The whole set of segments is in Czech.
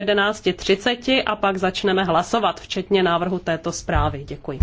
11.30 a pak začneme hlasovat, včetně návrhu této zprávy. Děkuji.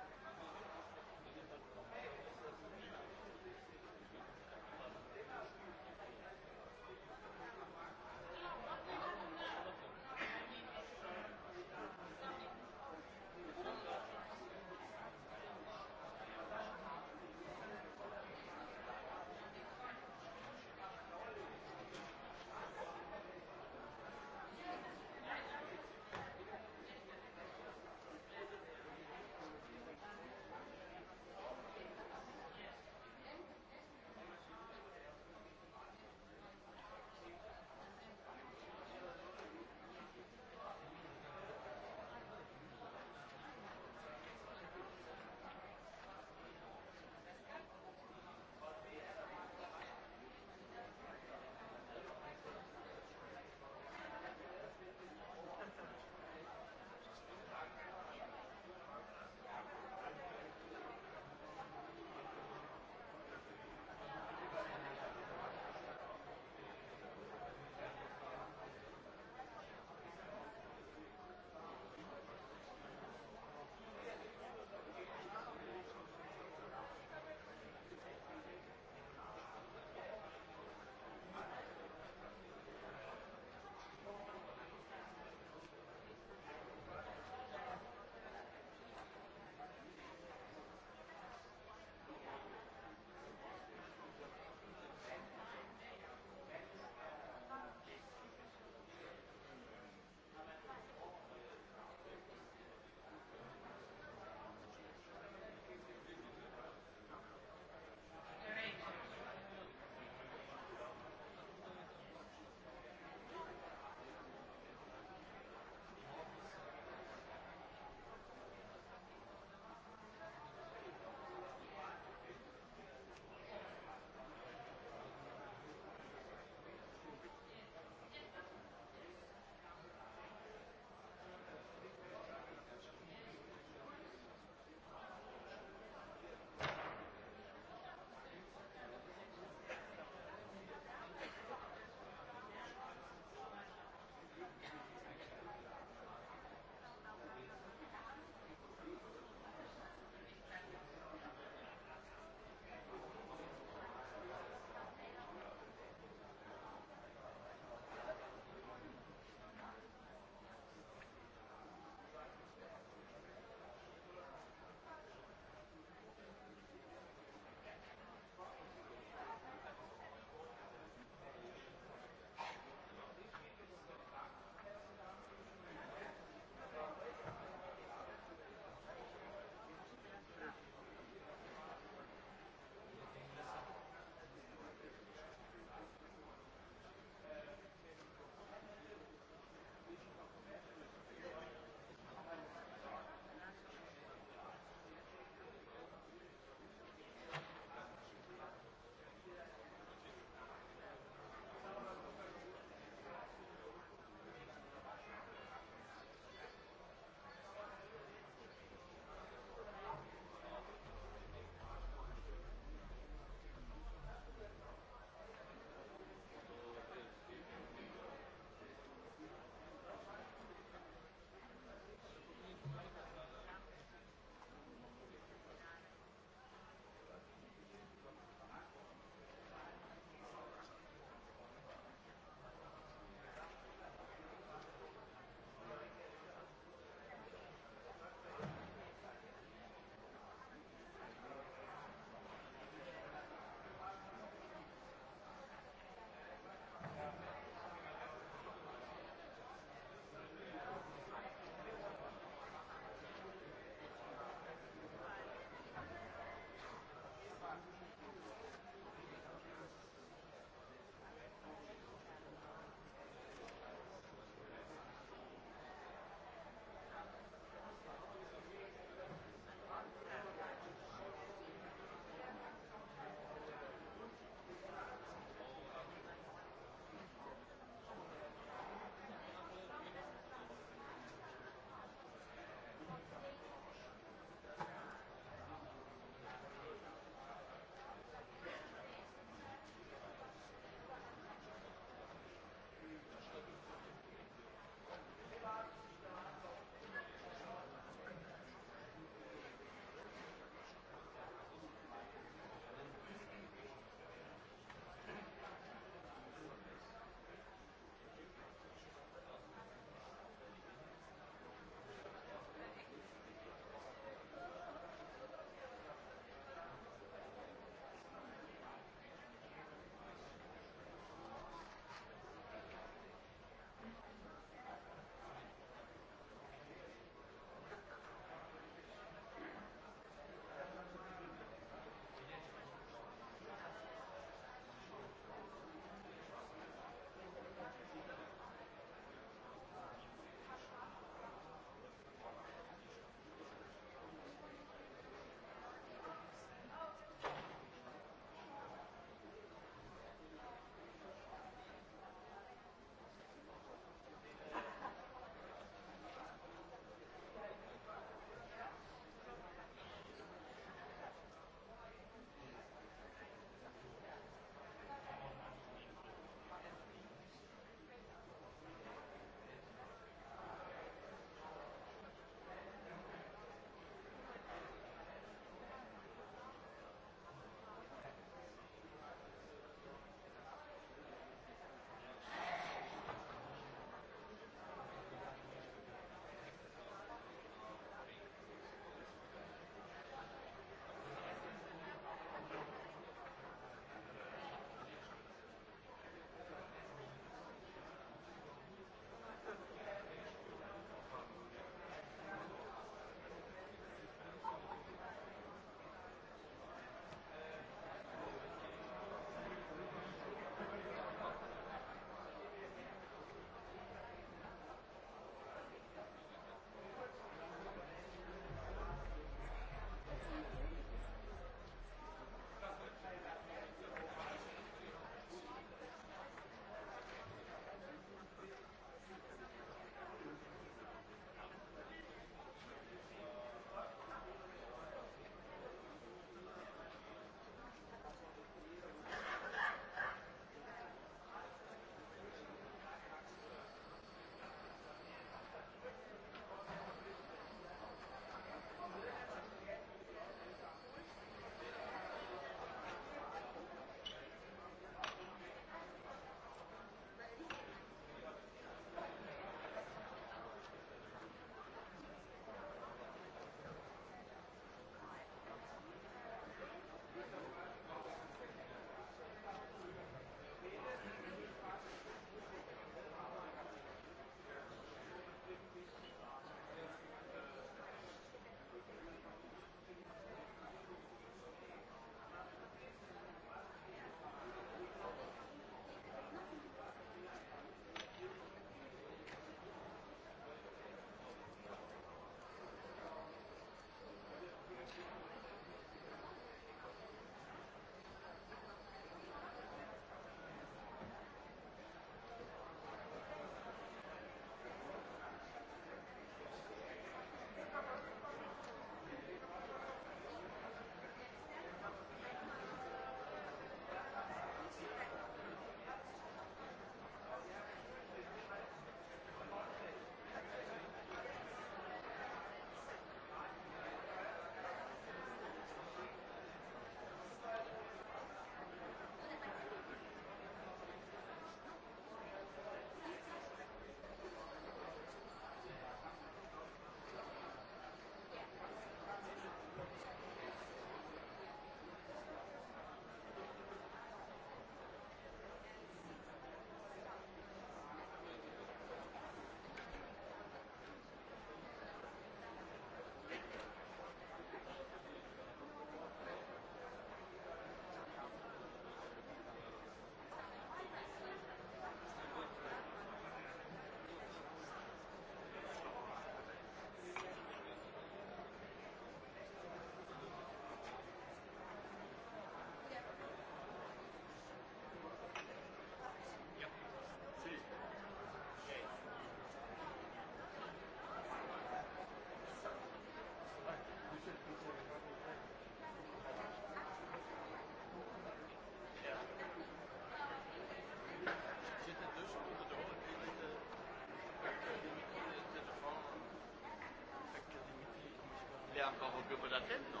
encore occupé la tête, non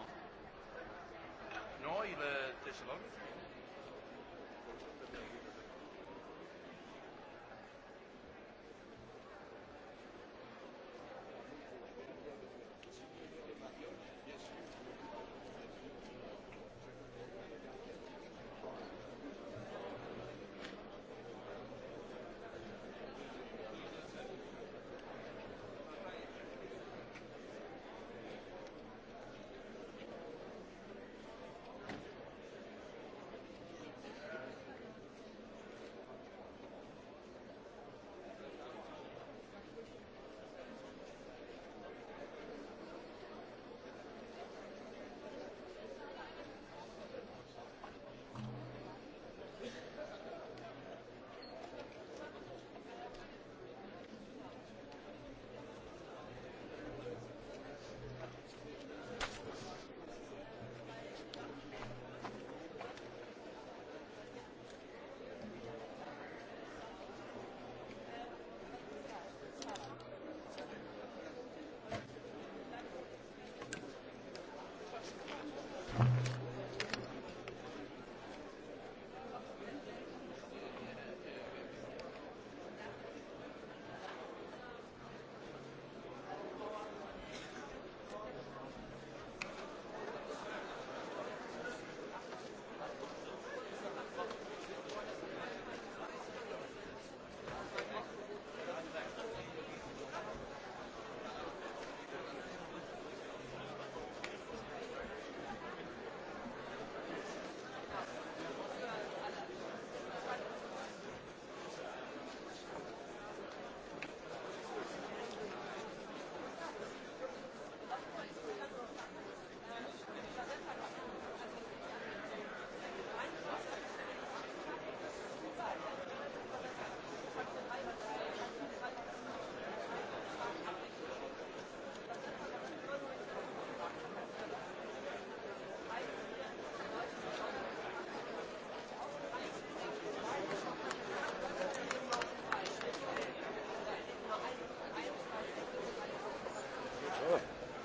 Non, il est Thessalonique.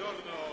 Buongiorno.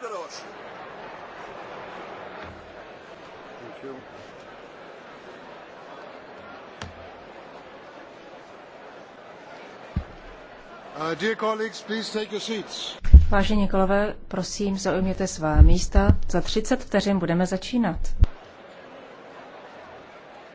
Pedros. Thank you. Uh, dear colleagues, please take your seats. Vážení kolegové, prosím, zaujměte svá místa. Za 30 vteřin budeme začínat.